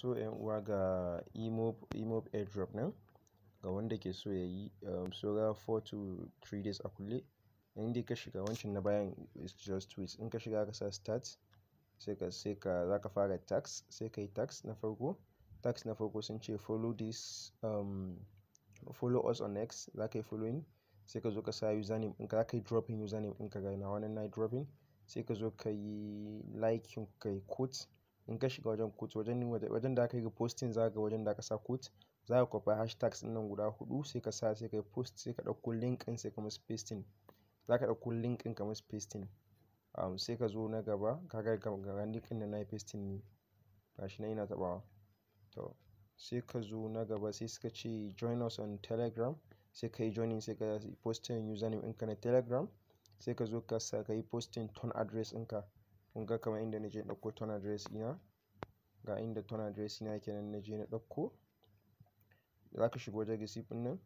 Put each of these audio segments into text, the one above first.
so yan uwa ga emob airdrop nan ga wanda ke so ya yi ga um, 4 to 3 days a kulle inda ka shiga wancan na bayan is just tweets in ka shiga ka sa start sai ka sai ka za ka fara tax sai ka yi tax na farko tax na farko sun ce follow this um, follow us on x za ka yi following sai ka zo ka sa username in za ka yi dropping username ka ga na wannan na dropping sai ka zo ka yi like ka yi quote in ka shiga wajen quote wajen da aka yi posting za ka ga wajen da aka sa kot za ka kwafa hashtags ɗin nan guda huɗu sai ka sa sai ka yi post sai ka ɗauko link ɗin sai ka musu pasting za ka ɗauko link ɗin ka musu pasting um, sai ka zo na gaba ka ga ga link ɗin na yi pasting ne gashi nan ina taɓawa to sai ka zo na gaba sai suka ce join us on telegram sai ka yi joining sai ka posting username ɗinka na telegram sai ka zo ka sa ka yi posting ton address ɗinka kun ga kamar inda naje na ɗauko ton address ɗina ga inda ton address ɗina kenan naje na ɗauko za ka shiga wajen receipt ɗin nan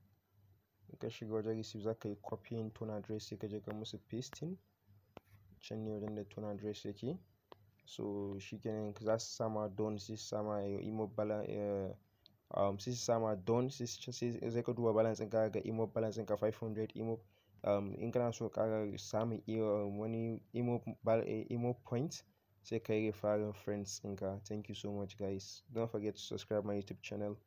in ka shiga wajen receipt za ka yi copying ton address sai ka je ka musu pasting can ne wajen da ton address yake so shikenan za su sama don sai su sama eh, email balance eh, um, sai su sama don sai sai ka duba balance ɗinka ga email balance ɗinka 500 email Um, in kana so kara samun e, um, wani eh, emo point sai ka yi referring friends ɗinka thank you so much guys don't forget to subscribe my youtube channel